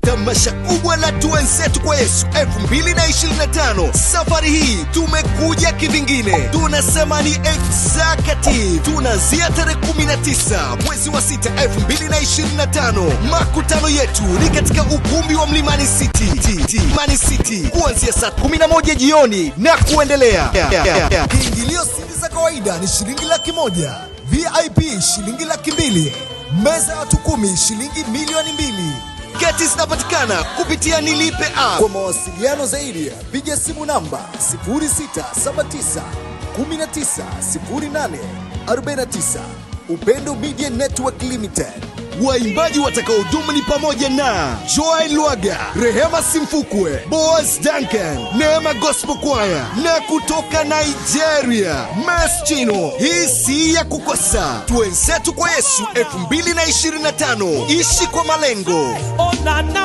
Tamasha kubwa la tuensetu kwa Yesu 2025. Safari hii tumekuja kivingine, tunasema ni Exakati. Tunaanzia tarehe 19 mwezi wa 6 2025. Makutano yetu ni katika ukumbi wa Mlimani City, City, kuanzia saa 11 jioni na kuendelea. Kiingilio sisi za kawaida ni shilingi laki moja, VIP shilingi laki mbili meza ya watu kumi shilingi milioni mbili. Keti zinapatikana kupitia Nilipe app. Kwa mawasiliano zaidi piga simu namba 0679 190849. Upendo Media Network Limited. Waimbaji watakaodumu ni pamoja na joy Lwaga, Rehema Simfukwe, Boaz Duncan, Neema Gospel Choir na kutoka Nigeria maschino Hii si ya kukosa. Tuenzetu kwa Yesu 2025 ishi kwa malengo Onana.